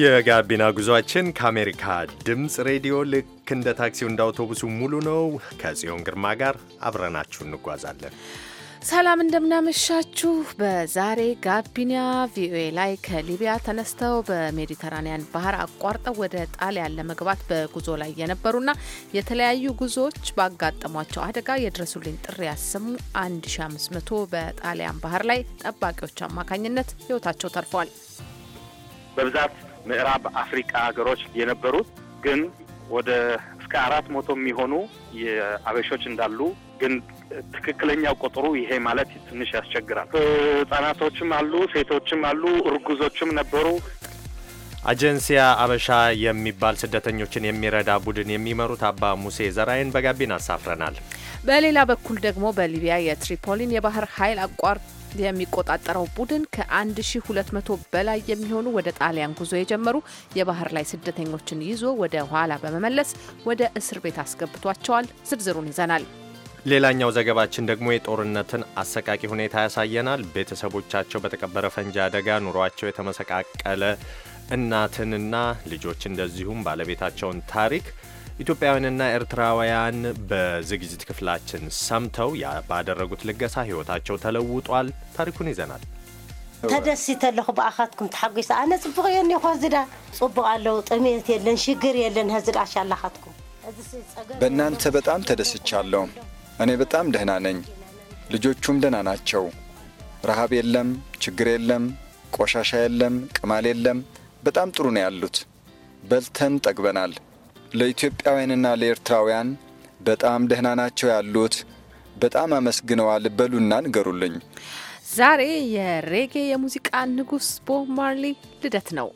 የጋቢና ጉዟችን ከአሜሪካ ድምፅ ሬዲዮ ልክ እንደ ታክሲው እንደ አውቶቡሱ ሙሉ ነው። ከጽዮን ግርማ ጋር አብረናችሁ እንጓዛለን። ሰላም እንደምናመሻችሁ። በዛሬ ጋቢና ቪኦኤ ላይ ከሊቢያ ተነስተው በሜዲተራኒያን ባህር አቋርጠው ወደ ጣሊያን ለመግባት በጉዞ ላይ የነበሩና የተለያዩ ጉዞዎች ባጋጠሟቸው አደጋ የድረሱልኝ ጥሪ ያሰሙ 1500 በጣሊያን ባህር ላይ ጠባቂዎች አማካኝነት ሕይወታቸው ተርፏል። በብዛት ምዕራብ አፍሪካ ሀገሮች የነበሩት ግን ወደ እስከ አራት መቶ የሚሆኑ የአበሾች እንዳሉ ግን ትክክለኛው ቁጥሩ ይሄ ማለት ትንሽ ያስቸግራል። ህጻናቶችም አሉ፣ ሴቶችም አሉ፣ እርጉዞችም ነበሩ። አጀንሲያ አበሻ የሚባል ስደተኞችን የሚረዳ ቡድን የሚመሩት አባ ሙሴ ዘራይን በጋቢና አሳፍረናል። በሌላ በኩል ደግሞ በሊቢያ የትሪፖሊን የባህር ኃይል አቋር የሚቆጣጠረው ቡድን ከ1200 በላይ የሚሆኑ ወደ ጣሊያን ጉዞ የጀመሩ የባህር ላይ ስደተኞችን ይዞ ወደ ኋላ በመመለስ ወደ እስር ቤት አስገብቷቸዋል። ዝርዝሩን ይዘናል። ሌላኛው ዘገባችን ደግሞ የጦርነትን አሰቃቂ ሁኔታ ያሳየናል። ቤተሰቦቻቸው በተቀበረ ፈንጂ አደጋ ኑሯቸው የተመሰቃቀለ እናትንና ልጆች እንደዚሁም ባለቤታቸውን ታሪክ ኢትዮጵያውያንና ኤርትራውያን በዝግጅት ክፍላችን ሰምተው ባደረጉት ልገሳ ህይወታቸው ተለውጧል። ታሪኩን ይዘናል። ተደሲተ ኣለኹ ብኣኻትኩም ተሓጒሳ ኣነ ፅቡቕ እየ እኒኹ ዝዳ ፅቡቕ ጥሜት የለን ሽግር የለን ህዝዳ ሻላኻትኩም በእናንተ በጣም ተደስቻለሁ። እኔ በጣም ደህና ነኝ። ልጆቹም ደህና ናቸው። ረሃብ የለም፣ ችግር የለም፣ ቆሻሻ የለም፣ ቅማል የለም። በጣም ጥሩ ነው ያሉት። በልተን ጠግበናል። ለኢትዮጵያውያንና ለኤርትራውያን በጣም ደህና ናቸው ያሉት በጣም አመስግነዋል በሉና ንገሩልኝ። ዛሬ የሬጌ የሙዚቃ ንጉሥ ቦብ ማርሊ ልደት ነው።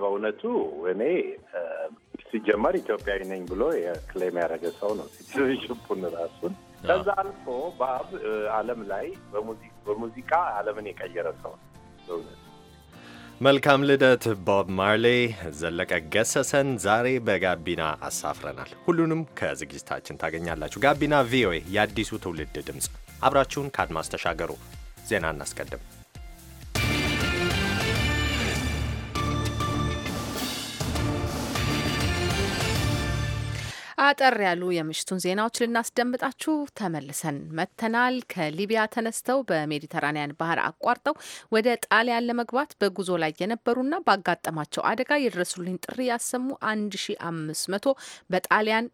በእውነቱ እኔ ሲጀመር ኢትዮጵያዊ ነኝ ብሎ የክሌም ያደረገ ሰው ነው ሲቲዝንሽፑን ራሱን። ከዛ አልፎ በአብ አለም ላይ በሙዚቃ አለምን የቀየረ ሰው ነው በእውነቱ። መልካም ልደት ቦብ ማርሌ። ዘለቀ ገሰሰን ዛሬ በጋቢና አሳፍረናል። ሁሉንም ከዝግጅታችን ታገኛላችሁ። ጋቢና ቪኦኤ፣ የአዲሱ ትውልድ ድምፅ። አብራችሁን ከአድማስ ተሻገሩ። ዜና እናስቀድም። አጠር ያሉ የምሽቱን ዜናዎች ልናስደምጣችሁ ተመልሰን መጥተናል። ከሊቢያ ተነስተው በሜዲተራኒያን ባህር አቋርጠው ወደ ጣሊያን ለመግባት በጉዞ ላይ የነበሩና ባጋጠማቸው አደጋ የደረሱልኝ ጥሪ ያሰሙ 1500 በጣሊያን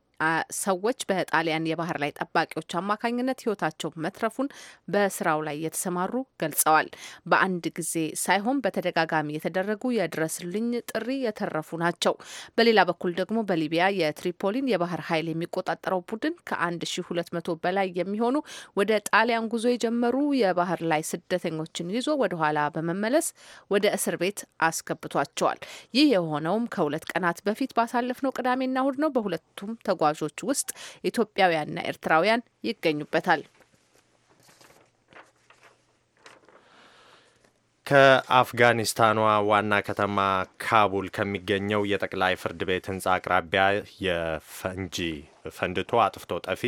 ሰዎች በጣሊያን የባህር ላይ ጠባቂዎች አማካኝነት ህይወታቸው መትረፉን በስራው ላይ የተሰማሩ ገልጸዋል። በአንድ ጊዜ ሳይሆን በተደጋጋሚ የተደረጉ የድረስልኝ ጥሪ የተረፉ ናቸው። በሌላ በኩል ደግሞ በሊቢያ የትሪፖሊን የባህር ኃይል የሚቆጣጠረው ቡድን ከ1200 በላይ የሚሆኑ ወደ ጣሊያን ጉዞ የጀመሩ የባህር ላይ ስደተኞችን ይዞ ወደኋላ በመመለስ ወደ እስር ቤት አስገብቷቸዋል። ይህ የሆነውም ከሁለት ቀናት በፊት ባሳለፍነው ቅዳሜና እሁድ ነው። በሁለቱም ተጓ ተጓዦች ውስጥ ኢትዮጵያውያንና ኤርትራውያን ይገኙበታል። ከአፍጋኒስታኗ ዋና ከተማ ካቡል ከሚገኘው የጠቅላይ ፍርድ ቤት ህንፃ አቅራቢያ የፈንጂ ፈንድቶ አጥፍቶ ጠፊ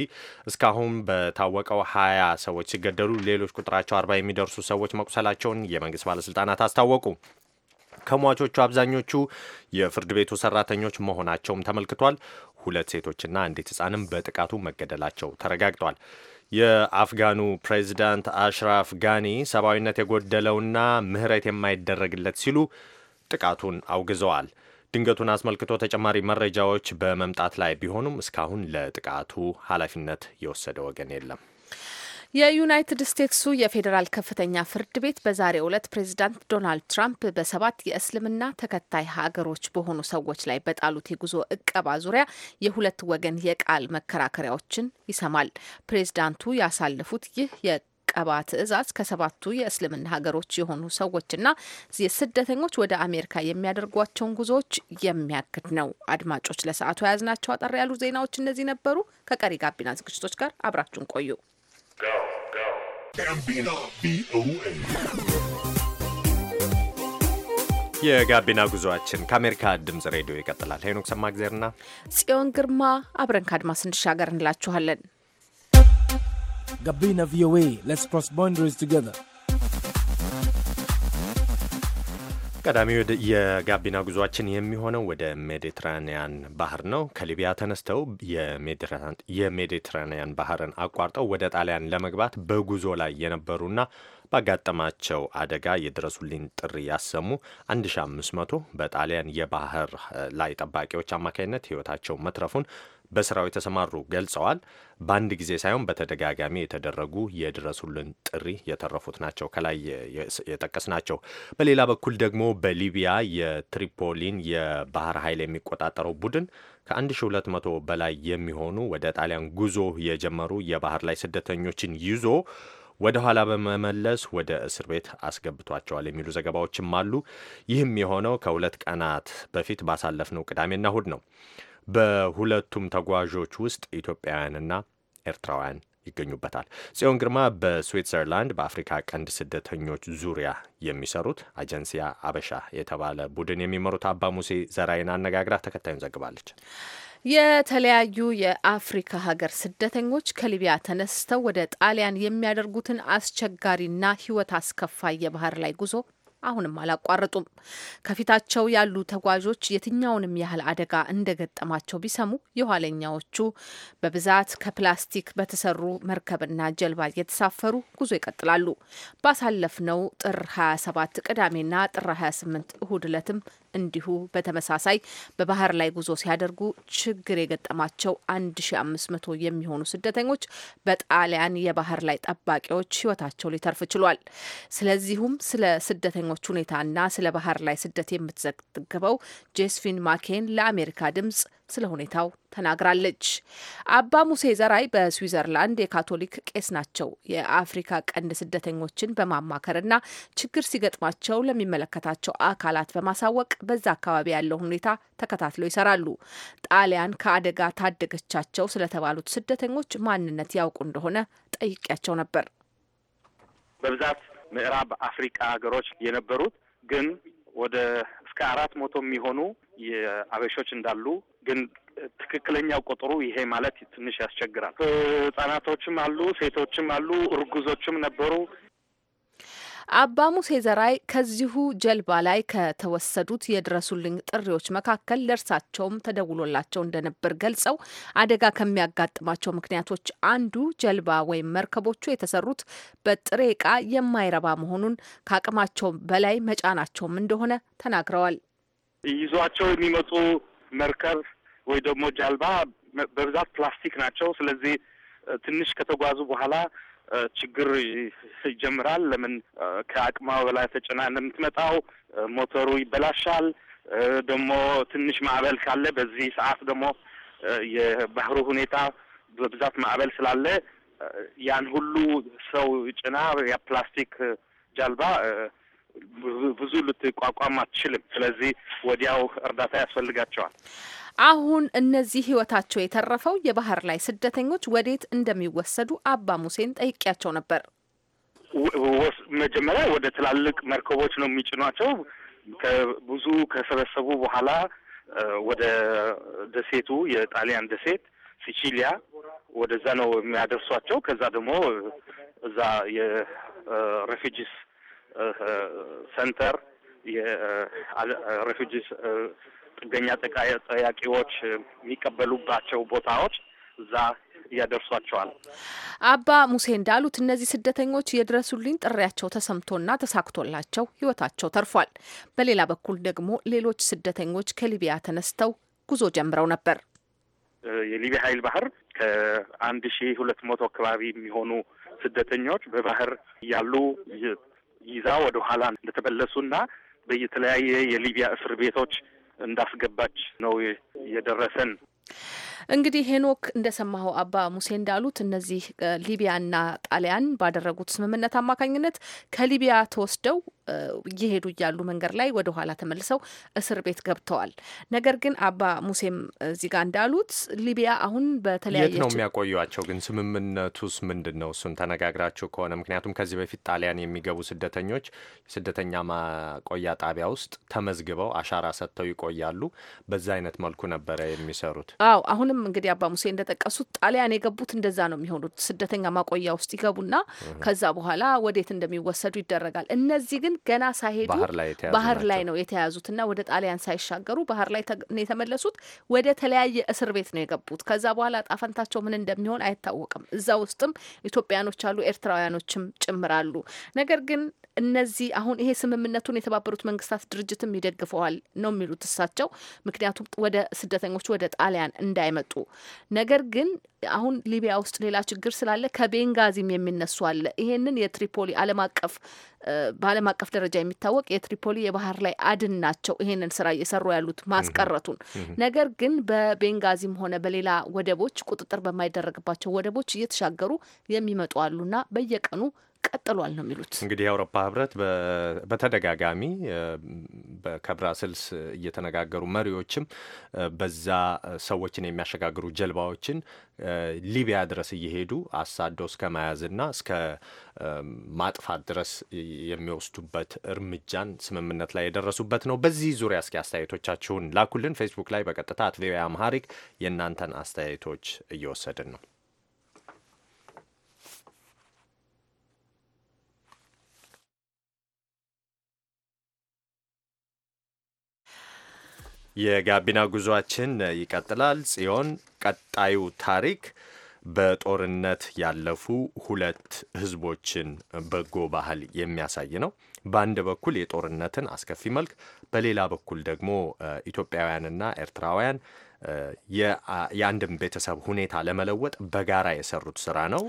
እስካሁን በታወቀው ሀያ ሰዎች ሲገደሉ ሌሎች ቁጥራቸው አርባ የሚደርሱ ሰዎች መቁሰላቸውን የመንግስት ባለስልጣናት አስታወቁ። ከሟቾቹ አብዛኞቹ የፍርድ ቤቱ ሰራተኞች መሆናቸውም ተመልክቷል። ሁለት ሴቶችና አንዲት ህጻንም በጥቃቱ መገደላቸው ተረጋግጧል። የአፍጋኑ ፕሬዚዳንት አሽራፍ ጋኒ ሰብአዊነት የጎደለውና ምህረት የማይደረግለት ሲሉ ጥቃቱን አውግዘዋል። ድንገቱን አስመልክቶ ተጨማሪ መረጃዎች በመምጣት ላይ ቢሆኑም እስካሁን ለጥቃቱ ኃላፊነት የወሰደ ወገን የለም። የዩናይትድ ስቴትሱ የፌዴራል ከፍተኛ ፍርድ ቤት በዛሬው ዕለት ፕሬዚዳንት ዶናልድ ትራምፕ በሰባት የእስልምና ተከታይ ሀገሮች በሆኑ ሰዎች ላይ በጣሉት የጉዞ እቀባ ዙሪያ የሁለት ወገን የቃል መከራከሪያዎችን ይሰማል። ፕሬዚዳንቱ ያሳለፉት ይህ ቀባ ትዕዛዝ ከሰባቱ የእስልምና ሀገሮች የሆኑ ሰዎችና የስደተኞች ወደ አሜሪካ የሚያደርጓቸውን ጉዞዎች የሚያግድ ነው። አድማጮች፣ ለሰዓቱ የያዝናቸው አጠር ያሉ ዜናዎች እነዚህ ነበሩ። ከቀሪ ጋቢና ዝግጅቶች ጋር አብራችሁን ቆዩ። የጋቢና ጉዞአችን ከአሜሪካ ድምጽ ሬዲዮ ይቀጥላል። ሄኖክ ሰማግዜርና ጽዮን ግርማ አብረን ከአድማስ እንሻገር እንላችኋለን። ጋቢና ቪኦኤ ሌትስ ክሮስ ባውንደሪስ ቱጌዘር ቀዳሚው የጋቢና ጉዟችን የሚሆነው ወደ ሜዲትራኒያን ባህር ነው። ከሊቢያ ተነስተው የሜዲትራኒያን ባህርን አቋርጠው ወደ ጣሊያን ለመግባት በጉዞ ላይ የነበሩና ባጋጠማቸው አደጋ የድረሱልኝ ጥሪ ያሰሙ 1500 በጣሊያን የባህር ላይ ጠባቂዎች አማካኝነት ሕይወታቸው መትረፉን በስራው የተሰማሩ ገልጸዋል። በአንድ ጊዜ ሳይሆን በተደጋጋሚ የተደረጉ የድረሱልን ጥሪ የተረፉት ናቸው ከላይ የጠቀስ ናቸው። በሌላ በኩል ደግሞ በሊቢያ የትሪፖሊን የባህር ኃይል የሚቆጣጠረው ቡድን ከ1200 በላይ የሚሆኑ ወደ ጣሊያን ጉዞ የጀመሩ የባህር ላይ ስደተኞችን ይዞ ወደ ኋላ በመመለስ ወደ እስር ቤት አስገብቷቸዋል የሚሉ ዘገባዎችም አሉ። ይህም የሆነው ከሁለት ቀናት በፊት ባሳለፍነው ቅዳሜና እሁድ ነው። በሁለቱም ተጓዦች ውስጥ ኢትዮጵያውያንና ኤርትራውያን ይገኙበታል። ጽዮን ግርማ በስዊትዘርላንድ በአፍሪካ ቀንድ ስደተኞች ዙሪያ የሚሰሩት አጀንሲያ አበሻ የተባለ ቡድን የሚመሩት አባ ሙሴ ዘራይን አነጋግራ ተከታዩን ዘግባለች። የተለያዩ የአፍሪካ ሀገር ስደተኞች ከሊቢያ ተነስተው ወደ ጣሊያን የሚያደርጉትን አስቸጋሪና ሕይወት አስከፋይ የባህር ላይ ጉዞ አሁንም አላቋረጡም። ከፊታቸው ያሉ ተጓዦች የትኛውንም ያህል አደጋ እንደገጠማቸው ቢሰሙ የኋለኛዎቹ በብዛት ከፕላስቲክ በተሰሩ መርከብና ጀልባ እየተሳፈሩ ጉዞ ይቀጥላሉ። ባሳለፍነው ጥር 27 ቅዳሜና ጥር 28 እሁድ ዕለትም እንዲሁ በተመሳሳይ በባህር ላይ ጉዞ ሲያደርጉ ችግር የገጠማቸው 1500 የሚሆኑ ስደተኞች በጣሊያን የባህር ላይ ጠባቂዎች ህይወታቸው ሊተርፍ ችሏል። ስለዚሁም ስለ ስደተኞች ሁኔታና ስለ ባህር ላይ ስደት የምትዘግበው ጄስፊን ማኬን ለአሜሪካ ድምጽ ስለ ሁኔታው ተናግራለች። አባ ሙሴ ዘራይ በስዊዘርላንድ የካቶሊክ ቄስ ናቸው። የአፍሪካ ቀንድ ስደተኞችን በማማከርና ችግር ሲገጥማቸው ለሚመለከታቸው አካላት በማሳወቅ በዛ አካባቢ ያለውን ሁኔታ ተከታትለው ይሰራሉ። ጣሊያን ከአደጋ ታደገቻቸው ስለተባሉት ስደተኞች ማንነት ያውቁ እንደሆነ ጠይቄያቸው ነበር። በብዛት ምዕራብ አፍሪካ ሀገሮች የነበሩት ግን ወደ እስከ አራት መቶ የሚሆኑ የአበሾች እንዳሉ ግን ትክክለኛው ቁጥሩ ይሄ ማለት ትንሽ ያስቸግራል። ህጻናቶችም አሉ፣ ሴቶችም አሉ፣ እርጉዞችም ነበሩ። አባ ሙሴ ዘራይ ከዚሁ ጀልባ ላይ ከተወሰዱት የድረሱልኝ ጥሪዎች መካከል ለእርሳቸውም ተደውሎላቸው እንደነበር ገልጸው አደጋ ከሚያጋጥማቸው ምክንያቶች አንዱ ጀልባ ወይም መርከቦቹ የተሰሩት በጥሬ ዕቃ የማይረባ መሆኑን ከአቅማቸው በላይ መጫናቸውም እንደሆነ ተናግረዋል። ይዟቸው የሚመጡ መርከብ ወይ ደግሞ ጃልባ በብዛት ፕላስቲክ ናቸው። ስለዚህ ትንሽ ከተጓዙ በኋላ ችግር ይጀምራል። ለምን ከአቅማ በላይ ተጭና እንደምትመጣው ሞተሩ ይበላሻል። ደግሞ ትንሽ ማዕበል ካለ በዚህ ሰዓት ደግሞ የባህሩ ሁኔታ በብዛት ማዕበል ስላለ ያን ሁሉ ሰው ጭና ያ ፕላስቲክ ጃልባ ብዙ ልትቋቋም አትችልም። ስለዚህ ወዲያው እርዳታ ያስፈልጋቸዋል። አሁን እነዚህ ህይወታቸው የተረፈው የባህር ላይ ስደተኞች ወዴት እንደሚወሰዱ አባ ሙሴን ጠይቄያቸው ነበር። መጀመሪያ ወደ ትላልቅ መርከቦች ነው የሚጭኗቸው። ብዙ ከሰበሰቡ በኋላ ወደ ደሴቱ የጣሊያን ደሴት ሲቺሊያ ወደዛ ነው የሚያደርሷቸው። ከዛ ደግሞ እዛ የሬፊጂስ ሰንተር የሬፊጂ ጥገኛ ጠያቂዎች የሚቀበሉባቸው ቦታዎች እዛ ያደርሷቸዋል። አባ ሙሴ እንዳሉት እነዚህ ስደተኞች የድረሱልኝ ጥሪያቸው ተሰምቶና ተሳክቶላቸው ህይወታቸው ተርፏል። በሌላ በኩል ደግሞ ሌሎች ስደተኞች ከሊቢያ ተነስተው ጉዞ ጀምረው ነበር። የሊቢያ ኃይል ባህር ከአንድ ሺ ሁለት መቶ አካባቢ የሚሆኑ ስደተኞች በባህር ያሉ ይዛ ወደ ኋላ እንደተመለሱና በየተለያየ የሊቢያ እስር ቤቶች እንዳስገባች ነው የደረሰን። እንግዲህ ሄኖክ እንደሰማኸው አባ ሙሴ እንዳሉት እነዚህ ሊቢያና ጣሊያን ባደረጉት ስምምነት አማካኝነት ከሊቢያ ተወስደው እየሄዱ እያሉ መንገድ ላይ ወደ ኋላ ተመልሰው እስር ቤት ገብተዋል። ነገር ግን አባ ሙሴም እዚህ ጋር እንዳሉት ሊቢያ አሁን በተለያየ የት ነው የሚያቆዩቸው? ግን ስምምነቱስ ምንድን ነው? እሱን ተነጋግራችሁ ከሆነ ምክንያቱም ከዚህ በፊት ጣሊያን የሚገቡ ስደተኞች ስደተኛ ማቆያ ጣቢያ ውስጥ ተመዝግበው አሻራ ሰጥተው ይቆያሉ። በዛ አይነት መልኩ ነበረ የሚሰሩት። አዎ አሁንም እንግዲህ አባ ሙሴ እንደጠቀሱት ጣሊያን የገቡት እንደዛ ነው የሚሆኑት። ስደተኛ ማቆያ ውስጥ ይገቡና ከዛ በኋላ ወዴት እንደሚወሰዱ ይደረጋል። እነዚህ ግን ገና ሳይሄዱ ባህር ላይ ነው የተያዙትና ወደ ጣሊያን ሳይሻገሩ ባህር ላይ የተመለሱት ወደ ተለያየ እስር ቤት ነው የገቡት። ከዛ በኋላ ጣፈንታቸው ምን እንደሚሆን አይታወቅም። እዛ ውስጥም ኢትዮጵያኖች አሉ፣ ኤርትራውያኖችም ጭምራሉ። ነገር ግን እነዚህ አሁን ይሄ ስምምነቱን የተባበሩት መንግስታት ድርጅትም ይደግፈዋል ነው የሚሉት እሳቸው። ምክንያቱም ወደ ስደተኞች ወደ ጣሊያን እንዳይመጡ ነገር ግን አሁን ሊቢያ ውስጥ ሌላ ችግር ስላለ ከቤንጋዚም የሚነሱ አለ። ይሄንን የትሪፖሊ ዓለም አቀፍ በዓለም አቀፍ ደረጃ የሚታወቅ የትሪፖሊ የባህር ላይ አድን ናቸው ይሄንን ስራ እየሰሩ ያሉት ማስቀረቱን። ነገር ግን በቤንጋዚም ሆነ በሌላ ወደቦች ቁጥጥር በማይደረግባቸው ወደቦች እየተሻገሩ የሚመጡ አሉና በየቀኑ ቀጥሏል ነው የሚሉት። እንግዲህ የአውሮፓ ህብረት በተደጋጋሚ ከብራስልስ እየተነጋገሩ መሪዎችም በዛ ሰዎችን የሚያሸጋግሩ ጀልባዎችን ሊቢያ ድረስ እየሄዱ አሳዶ እስከ መያዝና እስከ ማጥፋት ድረስ የሚወስዱበት እርምጃን ስምምነት ላይ የደረሱበት ነው። በዚህ ዙሪያ እስኪ አስተያየቶቻችሁን ላኩልን። ፌስቡክ ላይ በቀጥታ አት ቪኦኤ አምሃሪክ የእናንተን አስተያየቶች እየወሰድን ነው። የጋቢና ጉዟችን ይቀጥላል። ጽዮን፣ ቀጣዩ ታሪክ በጦርነት ያለፉ ሁለት ህዝቦችን በጎ ባህል የሚያሳይ ነው። በአንድ በኩል የጦርነትን አስከፊ መልክ፣ በሌላ በኩል ደግሞ ኢትዮጵያውያንና ኤርትራውያን የአንድም ቤተሰብ ሁኔታ ለመለወጥ በጋራ የሰሩት ስራ ነው።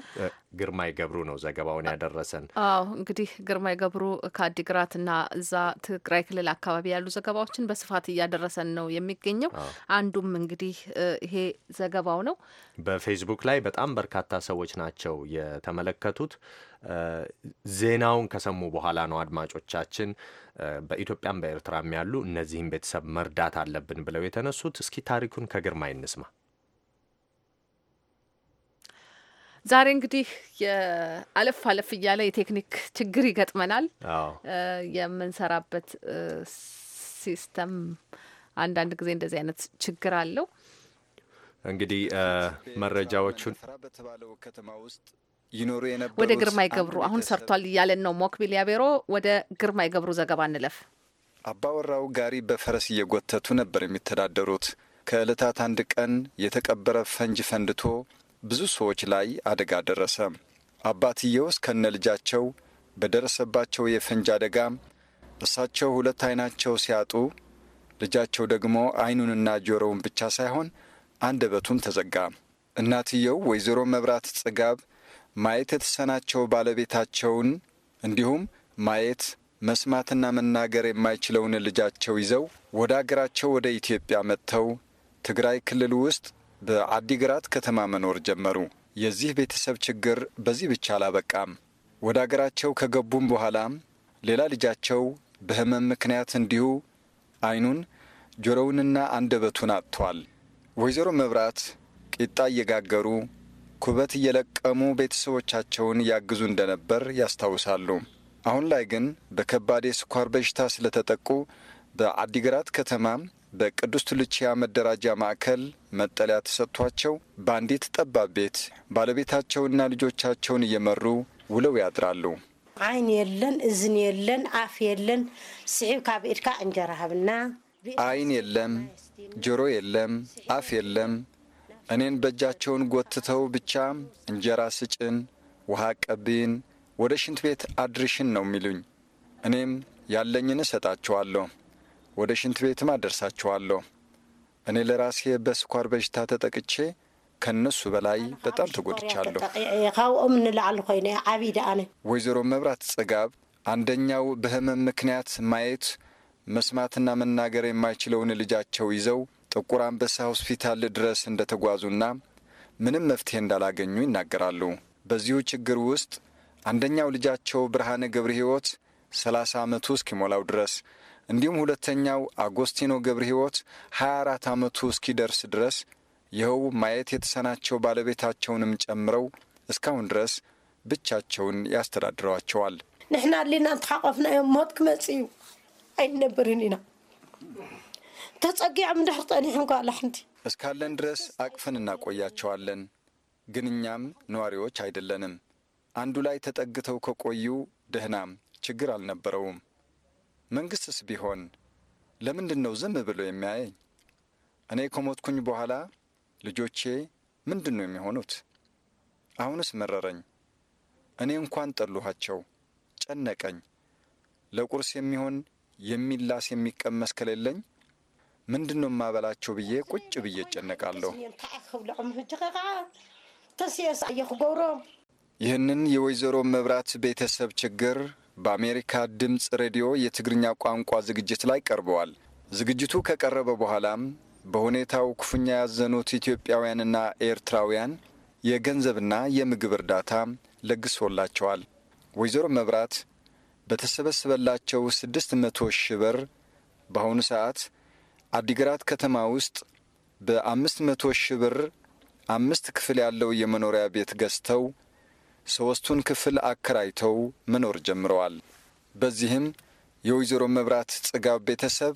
ግርማይ ገብሩ ነው ዘገባውን ያደረሰን። አዎ እንግዲህ ግርማይ ገብሩ ከአዲግራትና እዛ ትግራይ ክልል አካባቢ ያሉ ዘገባዎችን በስፋት እያደረሰን ነው የሚገኘው። አንዱም እንግዲህ ይሄ ዘገባው ነው። በፌስቡክ ላይ በጣም በርካታ ሰዎች ናቸው የተመለከቱት። ዜናውን ከሰሙ በኋላ ነው አድማጮቻችን በኢትዮጵያም በኤርትራም ያሉ እነዚህም ቤተሰብ መርዳት አለብን ብለው የተነሱት። እስኪ ታሪኩን ከግርማ ይንስማ። ዛሬ እንግዲህ አለፍ አለፍ እያለ የቴክኒክ ችግር ይገጥመናል። የምንሰራበት ሲስተም አንዳንድ ጊዜ እንደዚህ አይነት ችግር አለው። እንግዲህ መረጃዎቹን በተባለው ከተማ ውስጥ ይኖሩ የነበሩ ወደ ግርማይ ገብሩ አሁን ሰርቷል እያለን ነው። ሞክቢል ያቤሮ ወደ ግርማይ ገብሩ ዘገባ እንለፍ። አባወራው ጋሪ በፈረስ እየጎተቱ ነበር የሚተዳደሩት። ከዕለታት አንድ ቀን የተቀበረ ፈንጅ ፈንድቶ ብዙ ሰዎች ላይ አደጋ ደረሰ። አባትየው እስከነ ልጃቸው በደረሰባቸው የፈንጅ አደጋ እሳቸው ሁለት አይናቸው ሲያጡ ልጃቸው ደግሞ አይኑንና ጆሮውን ብቻ ሳይሆን አንደበቱም ተዘጋ። እናትየው ወይዘሮ መብራት ጽጋብ ማየት የተሰናቸው ባለቤታቸውን እንዲሁም ማየት መስማትና መናገር የማይችለውን ልጃቸው ይዘው ወደ አገራቸው ወደ ኢትዮጵያ መጥተው ትግራይ ክልል ውስጥ በአዲግራት ከተማ መኖር ጀመሩ። የዚህ ቤተሰብ ችግር በዚህ ብቻ አላበቃም። ወደ አገራቸው ከገቡም በኋላ ሌላ ልጃቸው በሕመም ምክንያት እንዲሁ ዓይኑን ጆሮውንና አንደበቱን አጥቷል። ወይዘሮ መብራት ቂጣ እየጋገሩ ኩበት እየለቀሙ ቤተሰቦቻቸውን ያግዙ እንደነበር ያስታውሳሉ። አሁን ላይ ግን በከባድ የስኳር በሽታ ስለተጠቁ በአዲግራት ከተማ በቅዱስ ቱልቺያ መደራጃ ማዕከል መጠለያ ተሰጥቷቸው በአንዲት ጠባብ ቤት ባለቤታቸውና ልጆቻቸውን እየመሩ ውለው ያድራሉ። ዓይን የለን፣ እዝን የለን፣ አፍ የለን። ስዒብ ካብ ኢድካ እንጀራ ሃብና። ዓይን የለም፣ ጆሮ የለም፣ አፍ የለም፣ እኔን በእጃቸውን ጎትተው ብቻ እንጀራ ስጭን፣ ውሃ ቀብን ወደ ሽንት ቤት አድርሽን ነው የሚሉኝ። እኔም ያለኝን እሰጣችኋለሁ፣ ወደ ሽንት ቤትም አደርሳችኋለሁ። እኔ ለራሴ በስኳር በሽታ ተጠቅቼ ከነሱ በላይ በጣም ተጎድቻለሁ። ካብኦም ንላዓሉ ኮይነ ዓብይ ደኣነ ወይዘሮ መብራት ጽጋብ አንደኛው በህመም ምክንያት ማየት መስማትና መናገር የማይችለውን ልጃቸው ይዘው ጥቁር አንበሳ ሆስፒታል ድረስ እንደተጓዙና ምንም መፍትሄ እንዳላገኙ ይናገራሉ። በዚሁ ችግር ውስጥ አንደኛው ልጃቸው ብርሃነ ገብረ ሕይወት 30 ዓመቱ እስኪሞላው ድረስ እንዲሁም ሁለተኛው አጎስቲኖ ገብረ ሕይወት 24 ዓመቱ እስኪደርስ ድረስ ይኸው ማየት የተሰናቸው ባለቤታቸውንም ጨምረው እስካሁን ድረስ ብቻቸውን ያስተዳድረዋቸዋል። ንሕና ሊና እንተሓቀፍናዮም ሞት ክመጽእ እዩ ኣይንነብርን ኢና ተጸጊዕ ምንድሕር ጠኒሖም ኳ ኣላሕንቲ እስካለን ድረስ አቅፈን እናቆያቸዋለን። ግን እኛም ነዋሪዎች አይደለንም። አንዱ ላይ ተጠግተው ከቆዩ ደህናም ችግር አልነበረውም። መንግሥትስ ቢሆን ለምንድን ነው ዝም ብሎ የሚያየኝ? እኔ ከሞትኩኝ በኋላ ልጆቼ ምንድን ነው የሚሆኑት? አሁንስ መረረኝ። እኔ እንኳን ጠሉኋቸው፣ ጨነቀኝ። ለቁርስ የሚሆን የሚላስ የሚቀመስ ከሌለኝ ምንድን ነው የማበላቸው ብዬ ቁጭ ብዬ እጨነቃለሁ። ይህንን የወይዘሮ መብራት ቤተሰብ ችግር በአሜሪካ ድምፅ ሬዲዮ የትግርኛ ቋንቋ ዝግጅት ላይ ቀርበዋል። ዝግጅቱ ከቀረበ በኋላም በሁኔታው ክፉኛ ያዘኑት ኢትዮጵያውያንና ኤርትራውያን የገንዘብና የምግብ እርዳታ ለግሶላቸዋል። ወይዘሮ መብራት በተሰበሰበላቸው ስድስት መቶ ሺህ ብር በአሁኑ ሰዓት አዲግራት ከተማ ውስጥ በአምስት መቶ ሺህ ብር አምስት ክፍል ያለው የመኖሪያ ቤት ገዝተው ሦስቱን ክፍል አከራይተው መኖር ጀምረዋል። በዚህም የወይዘሮ መብራት ጽጋብ ቤተሰብ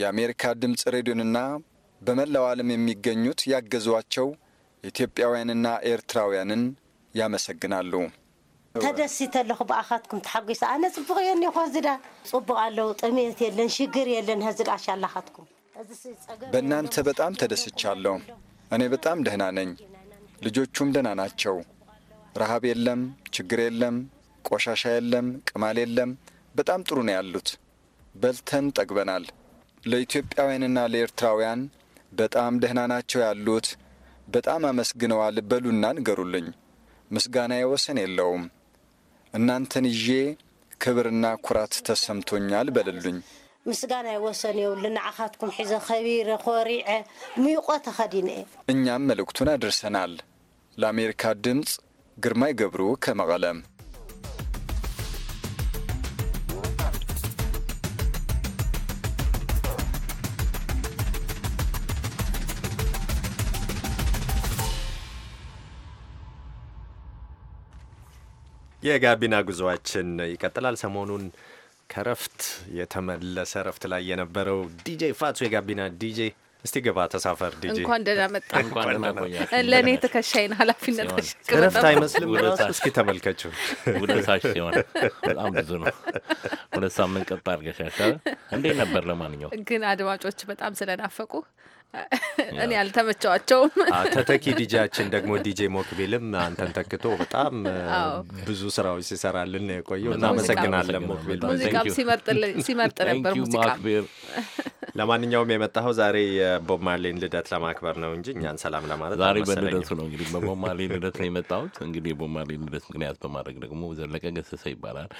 የአሜሪካ ድምፅ ሬዲዮንና በመላው ዓለም የሚገኙት ያገዟቸው ኢትዮጵያውያንና ኤርትራውያንን ያመሰግናሉ። ተደሲተ ኣለኹ ብኣኻትኩም ተሓጒሳ ኣነ ጽቡቕ እየ ኒኹ ሕዚ ዳ ጽቡቕ ኣለዉ ጥሜት የለን ሽግር የለን ሕዚ ዳ ሻላኻትኩም በእናንተ በጣም ተደስቻለሁ። እኔ በጣም ደህና ነኝ። ልጆቹም ደህና ናቸው። ረሃብ የለም፣ ችግር የለም፣ ቆሻሻ የለም፣ ቅማል የለም። በጣም ጥሩ ነው ያሉት። በልተን ጠግበናል። ለኢትዮጵያውያንና ለኤርትራውያን በጣም ደህና ናቸው ያሉት በጣም አመስግነዋል። በሉና ንገሩልኝ። ምስጋና ወሰን የለውም። እናንተን ይዤ ክብርና ኩራት ተሰምቶኛል በልሉኝ። ምስጋና ይወሰን የውሉ ንዓኻትኩም ሒዘ ከቢረ ኮሪዐ ምይቆ ተኸዲነ እየ እኛም መልእክቱን አድርሰናል። ለአሜሪካ ድምፅ ግርማይ ገብሩ ከመቐለም የጋቢና ጉዞአችን ይቀጥላል። ሰሞኑን ከረፍት የተመለሰ ረፍት ላይ የነበረው ዲጄ ፋቱ የጋቢና ዲጄ እስቲ ገባ ተሳፈር ዲጄ እንኳን ደህና መጣ። ለእኔ ትከሻይን ኃላፊነት ረፍት አይመስልም ራሱ። እስኪ ተመልከችው ውደታሽ ሲሆን በጣም ብዙ ነው። ሁለት ሳምንት ቀጥ አድርገሻሻል። እንዴት ነበር? ለማንኛው ግን አድማጮች በጣም ስለናፈቁ እኔ አልተመቸዋቸውም። ተተኪ ዲጃችን ደግሞ ዲጄ ሞክቢልም አንተን ተክቶ በጣም ብዙ ስራዎች ሲሰራልን የቆየው እናመሰግናለን። ሞክቢል ሙዚቃም ሲመርጥ ነበር። ሙዚቃ ለማንኛውም የመጣኸው ዛሬ የቦብ ማርሌን ልደት ለማክበር ነው እንጂ እኛን ሰላም ለማለት ዛሬ በልደቱ ነው። እንግዲህ በቦብ ማርሌን ልደት ነው የመጣሁት። እንግዲህ የቦብ ማርሌን ልደት ምክንያት በማድረግ ደግሞ ዘለቀ ገሰሰ ይባላል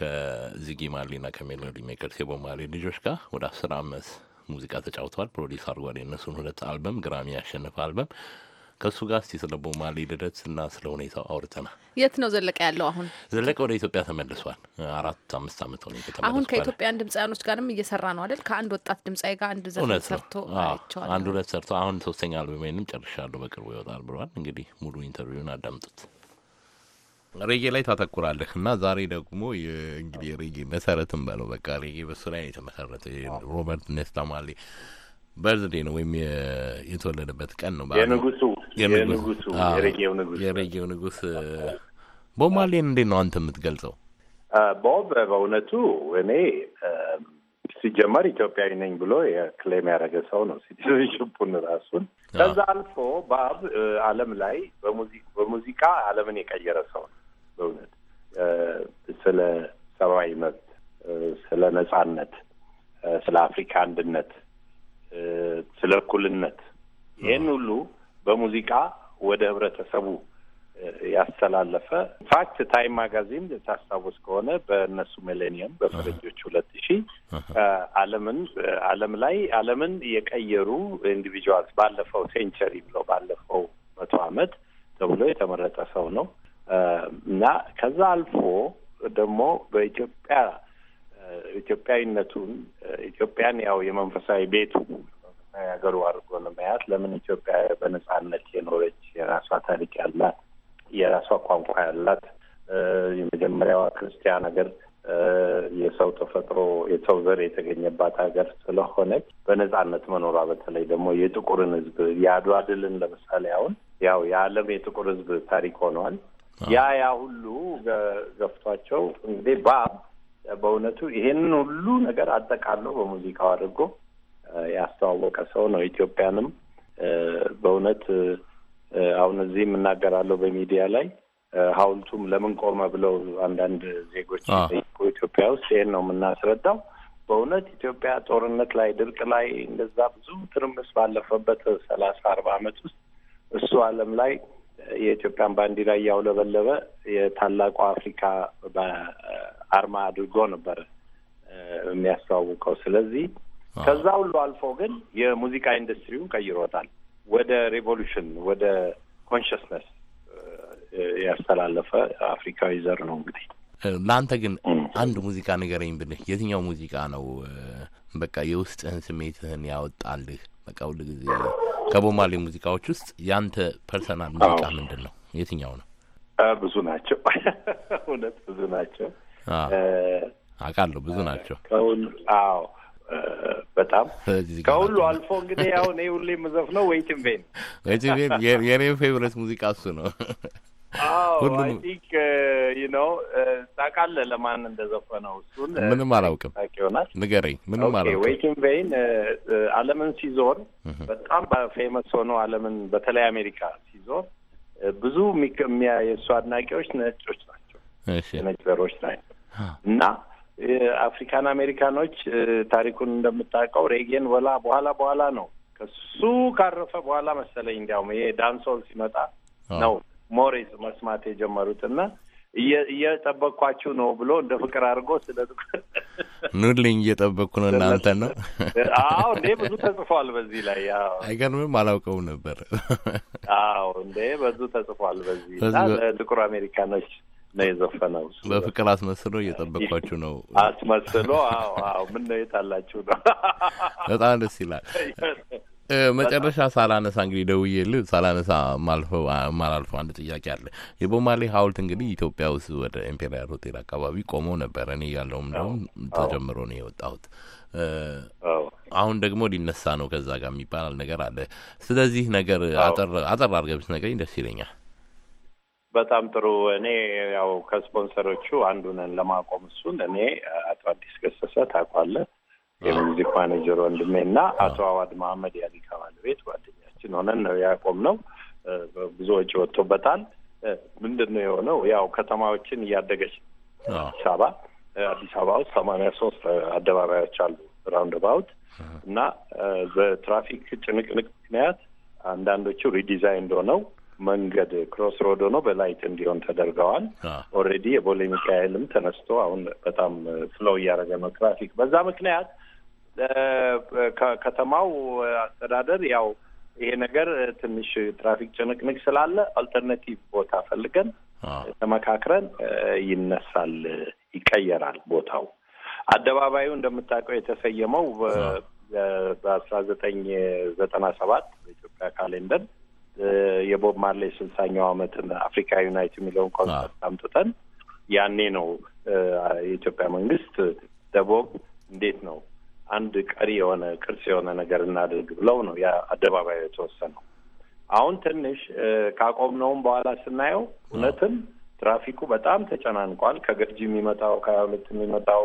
ከዚጊ ማርሌና ከሜሎዲ ሜከርስ የቦብ ማርሌን ልጆች ጋር ወደ አስር አመት ሙዚቃ ተጫውተዋል። ፕሮዲስ አድርጓል የእነሱን ሁለት አልበም ግራሚ ያሸነፈ አልበም። ከእሱ ጋር እስቲ ስለ ቦብ ማርሌይ ልደት እና ስለ ሁኔታው አውርተናል። የት ነው ዘለቀ ያለው? አሁን ዘለቀ ወደ ኢትዮጵያ ተመልሷል። አራት አምስት ዓመት ሆነ። አሁን ከኢትዮጵያን ድምፃውያኖች ጋርም እየሰራ ነው አይደል? ከአንድ ወጣት ድምፃዊ ጋር አንድ ዘፈን ሰርቶ አንድ ሁለት ሰርቶ አሁን ሶስተኛ አልበሜንም ጨርሻለሁ በቅርቡ ይወጣል ብለዋል። እንግዲህ ሙሉ ኢንተርቪውን አዳምጡት። ሬጌ ላይ ታተኩራለህ እና ዛሬ ደግሞ እንግዲህ ሬጌ መሰረትም በለው በቃ ሬጌ በሱ ላይ የተመሰረተ ሮበርት ኔስታ ማርሌ በርዝዴ ነው ወይም የተወለደበት ቀን ነው። የንጉሱ የንጉሱ የሬጌው ንጉስ የሬጌው ንጉስ ቦብ ማርሌን እንዴት ነው አንተ የምትገልጸው? ቦብ በእውነቱ እኔ ሲጀመር ኢትዮጵያዊ ነኝ ብሎ የክሌም ያደረገ ሰው ነው ሲቲዝንሽፑን ራሱን። ከዛ አልፎ ባብ አለም ላይ በሙዚቃ አለምን የቀየረ ሰው ነው። በእውነት ስለ ሰብአዊ መብት፣ ስለ ነጻነት፣ ስለ አፍሪካ አንድነት፣ ስለ እኩልነት ይህን ሁሉ በሙዚቃ ወደ ህብረተሰቡ ያስተላለፈ ፋክት ታይም ማጋዚን ታስታውስ ከሆነ በእነሱ ሚሌኒየም በፈረንጆች ሁለት ሺ ዓለምን ዓለም ላይ ዓለምን የቀየሩ ኢንዲቪጁዋልስ ባለፈው ሴንቸሪ ብሎ ባለፈው መቶ ዓመት ተብሎ የተመረጠ ሰው ነው። እና ከዛ አልፎ ደግሞ በኢትዮጵያ ኢትዮጵያዊነቱን ኢትዮጵያን ያው የመንፈሳዊ ቤቱ መንፈሳዊ ሀገሩ አድርጎ ለመያዝ ለምን ኢትዮጵያ በነጻነት የኖረች የራሷ ታሪክ ያላት የራሷ ቋንቋ ያላት የመጀመሪያዋ ክርስቲያን ሀገር የሰው ተፈጥሮ የሰው ዘር የተገኘባት ሀገር ስለሆነች በነጻነት መኖሯ በተለይ ደግሞ የጥቁርን ሕዝብ የአድዋ ድልን ለምሳሌ አሁን ያው የዓለም የጥቁር ሕዝብ ታሪክ ሆኗል። ያ ያ ሁሉ ገፍቷቸው እንግዲህ ባብ በእውነቱ ይሄንን ሁሉ ነገር አጠቃለው በሙዚቃው አድርጎ ያስተዋወቀ ሰው ነው። ኢትዮጵያንም በእውነት አሁን እዚህ እናገራለሁ በሚዲያ ላይ ሐውልቱም ለምን ቆመ ብለው አንዳንድ ዜጎች ጠይቁ ኢትዮጵያ ውስጥ ይሄን ነው የምናስረዳው። በእውነት ኢትዮጵያ ጦርነት ላይ፣ ድርቅ ላይ እንደዛ ብዙ ትርምስ ባለፈበት ሰላሳ አርባ ዓመት ውስጥ እሱ ዓለም ላይ የኢትዮጵያን ባንዲራ እያውለበለበ የታላቁ አፍሪካ አርማ አድርጎ ነበር የሚያስተዋውቀው። ስለዚህ ከዛ ሁሉ አልፎ ግን የሙዚቃ ኢንዱስትሪውን ቀይሮታል። ወደ ሬቮሉሽን ወደ ኮንሽስነስ ያስተላለፈ አፍሪካዊ ዘር ነው። እንግዲህ ለአንተ ግን አንድ ሙዚቃ ንገረኝ ብንህ የትኛው ሙዚቃ ነው በቃ የውስጥህን ስሜትህን ያወጣልህ። በቃ ሁሉ ጊዜ ከቦማሌ ሙዚቃዎች ውስጥ ያንተ ፐርሰናል ሙዚቃ ምንድን ነው? የትኛው ነው? ብዙ ናቸው። እውነት ብዙ ናቸው። አውቃለሁ ብዙ ናቸው። አዎ በጣም ከሁሉ አልፎ እንግዲህ ያው እኔ ሁሌ የምዘፍነው ዌይቲንግ ቬን ዌይቲንግ ቬን የኔ ፌቨሬት ሙዚቃ እሱ ነው። አዎ አይ ቲንክ ዩ ኖው ታውቃለህ፣ ለማን እንደዘፈነው እሱን ምንም አላውቅም። ይሆናል ንገረኝ። ምንም አላውቅም። ዌይቲንግ ቬይን አለምን ሲዞር በጣም ፌመስ ሆኖ አለምን በተለይ አሜሪካ ሲዞር ብዙ የሚያ የእሱ አድናቂዎች ነጮች ናቸው፣ ነጭ በሮች ናቸው እና አፍሪካን አሜሪካኖች ታሪኩን እንደምታውቀው ሬጌን ወላ በኋላ በኋላ ነው ከሱ ካረፈ በኋላ መሰለኝ እንዲያውም ይሄ ዳንሶል ሲመጣ ነው ሞሪስ መስማት የጀመሩት እና እየጠበቅኳችሁ ነው ብሎ እንደ ፍቅር አድርጎ ስለ ኑልኝ እየጠበቅኩ ነው እናንተ ነው። አዎ እንዴ ብዙ ተጽፏል በዚህ ላይ አይገርምም? አላውቀውም ነበር። አዎ እንዴ ብዙ ተጽፏል በዚህ ጥቁር አሜሪካኖች ነው የዘፈነው። በፍቅር አስመስሎ እየጠበቅኳችሁ ነው አስመስሎ። አዎ አዎ ምን ነው የታላችሁ ነው። በጣም ደስ ይላል። መጨረሻ ሳላነሳ እንግዲህ ደውዬልህ ሳላነሳ ማላልፈው አንድ ጥያቄ አለ። የቦማሌ ሐውልት እንግዲህ ኢትዮጵያ ውስጥ ወደ ኢምፔሪያል ሆቴል አካባቢ ቆሞ ነበረ እኔ ያለውም እንደውም ተጀምሮ ነው የወጣሁት። አሁን ደግሞ ሊነሳ ነው ከዛ ጋር የሚባል ነገር አለ። ስለዚህ ነገር አጠር አጠር አድርገህ ብትነግረኝ ደስ ይለኛል። በጣም ጥሩ። እኔ ያው ከስፖንሰሮቹ ነን ለማቆም እሱን እኔ አቶ አዲስ ገሰሰ ታውቋለህ የሙዚክ ማኔጀር ወንድሜ እና አቶ አዋድ መሀመድ ያሊካ ቤት ጓደኛችን ሆነን ነው ነው። ብዙ ወጪ ወጥቶበታል። ምንድን ነው የሆነው? ያው ከተማዎችን እያደገች አዲስ አበባ አዲስ አበባ ውስጥ ሰማንያ ሶስት አደባባዮች አሉ ራውንድ አባውት እና በትራፊክ ጭንቅንቅ ምክንያት አንዳንዶቹ ሪዲዛይን ሆነው መንገድ ክሮስ ሮድ ሆኖ በላይት እንዲሆን ተደርገዋል። ኦልሬዲ የቦሌ ሚካኤልም ተነስቶ አሁን በጣም ፍለው እያደረገ ነው ትራፊክ። በዛ ምክንያት ከተማው አስተዳደር ያው ይሄ ነገር ትንሽ ትራፊክ ጭንቅንቅ ስላለ አልተርናቲቭ ቦታ ፈልገን ተመካክረን ይነሳል፣ ይቀየራል ቦታው። አደባባዩ እንደምታውቀው የተሰየመው በአስራ ዘጠኝ ዘጠና ሰባት በኢትዮጵያ ካሌንደር የቦብ ማርሌ ስልሳኛው ዓመት አፍሪካ ዩናይት የሚለውን ኮንሰርት አምጥተን ያኔ ነው የኢትዮጵያ መንግስት ደቦብ እንዴት ነው አንድ ቀሪ የሆነ ቅርጽ የሆነ ነገር እናድርግ ብለው ነው ያ አደባባይ የተወሰነው። አሁን ትንሽ ካቆምነውም በኋላ ስናየው እውነትም ትራፊኩ በጣም ተጨናንቋል። ከገርጂ የሚመጣው ከሀያ ሁለት የሚመጣው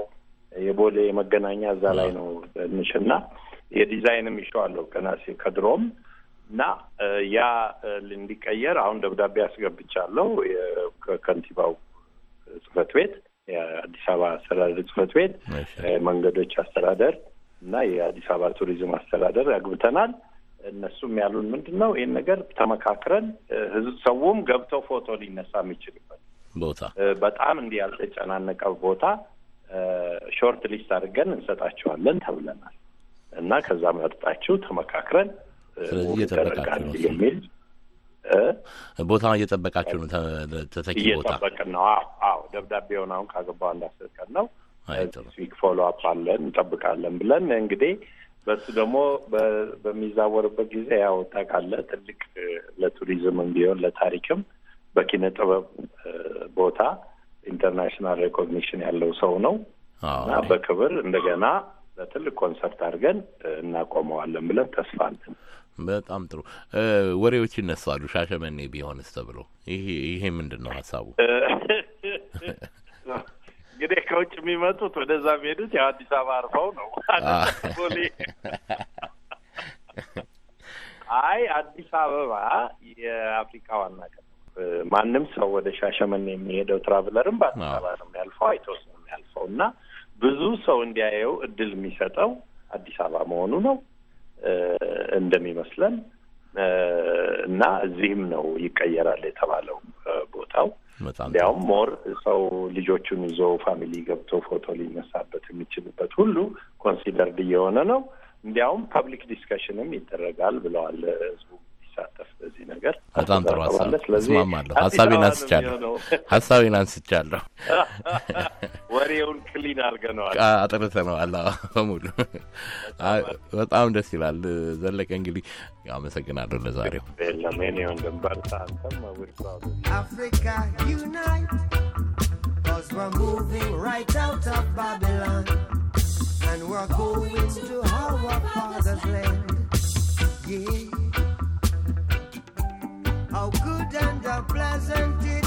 የቦሌ መገናኛ እዛ ላይ ነው ትንሽ እና የዲዛይንም ይሸዋለሁ ከናሴ ከድሮም እና ያ እንዲቀየር አሁን ደብዳቤ አስገብቻለሁ ከከንቲባው ጽህፈት ቤት የአዲስ አበባ አስተዳደር ጽህፈት ቤት መንገዶች አስተዳደር እና የአዲስ አበባ ቱሪዝም አስተዳደር አግብተናል። እነሱም ያሉን ምንድን ነው ይህን ነገር ተመካክረን ህዝብ ሰውም ገብተው ፎቶ ሊነሳ የሚችልበት ቦታ በጣም እንዲህ ያልተጨናነቀ ቦታ ሾርት ሊስት አድርገን እንሰጣቸዋለን ተብለናል እና ከዛ መርጣችሁ ተመካክረን ስለዚህ ይደረጋል የሚል ቦታ እየጠበቃችሁ ነው። ተተኪ ቦታ እየጠበቅን ነው። አዎ ደብዳቤውን አሁን ካገባው እንዳስቀር ነው ስዊክ ፎሎ አፕ አለን እንጠብቃለን ብለን እንግዲህ በሱ ደግሞ በሚዛወርበት ጊዜ ያው ታውቃለህ ትልቅ ለቱሪዝምም ቢሆን ለታሪክም በኪነ ጥበብ ቦታ ኢንተርናሽናል ሬኮግኒሽን ያለው ሰው ነው እና በክብር እንደገና ለትልቅ ኮንሰርት አድርገን እናቆመዋለን ብለን ተስፋ አለን። በጣም ጥሩ ወሬዎች ይነሳሉ። ሻሸመኔ ቢሆንስ ተብሎ ይሄ ይሄ ምንድን ነው ሀሳቡ? እንግዲህ ከውጭ የሚመጡት ወደዛ የሚሄዱት ያው አዲስ አበባ አርፈው ነው። ቦሌ አይ አዲስ አበባ የአፍሪካ ዋና ቀ ማንም ሰው ወደ ሻሸመኔ የሚሄደው ትራቭለርም በአዲስ አበባ ነው የሚያልፈው፣ አይቶስ ነው የሚያልፈው እና ብዙ ሰው እንዲያየው እድል የሚሰጠው አዲስ አበባ መሆኑ ነው እንደሚመስለን እና እዚህም ነው ይቀየራል የተባለው ቦታው እንዲያውም ሞር ሰው ልጆቹን ይዞ ፋሚሊ ገብቶ ፎቶ ሊነሳበት የሚችልበት ሁሉ ኮንሲደርድ እየሆነ ነው። እንዲያውም ፐብሊክ ዲስከሽንም ይደረጋል ብለዋል። ህዝቡ እንድትሳተፍ በዚህ ነገር በጣም ጥሩ ሀሳብ እስማማለሁ። ሀሳቤን አንስቻለሁ ሀሳቤን አንስቻለሁ። ወሬውን ክሊን አድርገነዋል፣ አጥርተነዋል በሙሉ በጣም ደስ ይላል። ዘለቀ እንግዲህ አመሰግናለሁ ለዛሬው And we're going to our father's land Yeah how good and how pleasant it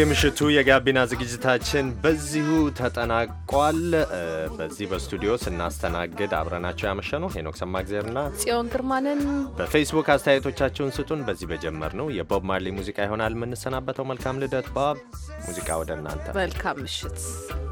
የምሽቱ የጋቢና ዝግጅታችን በዚሁ ተጠናቋል። በዚህ በስቱዲዮ ስናስተናግድ አብረናቸው ያመሸ ነው ሄኖክ ሰማግዜርና ጽዮን ግርማንን። በፌስቡክ አስተያየቶቻቸውን ስጡን። በዚህ በጀመር ነው የቦብ ማርሊ ሙዚቃ ይሆናል የምንሰናበተው። መልካም ልደት ቦብ። ሙዚቃ ወደ እናንተ። መልካም ምሽት።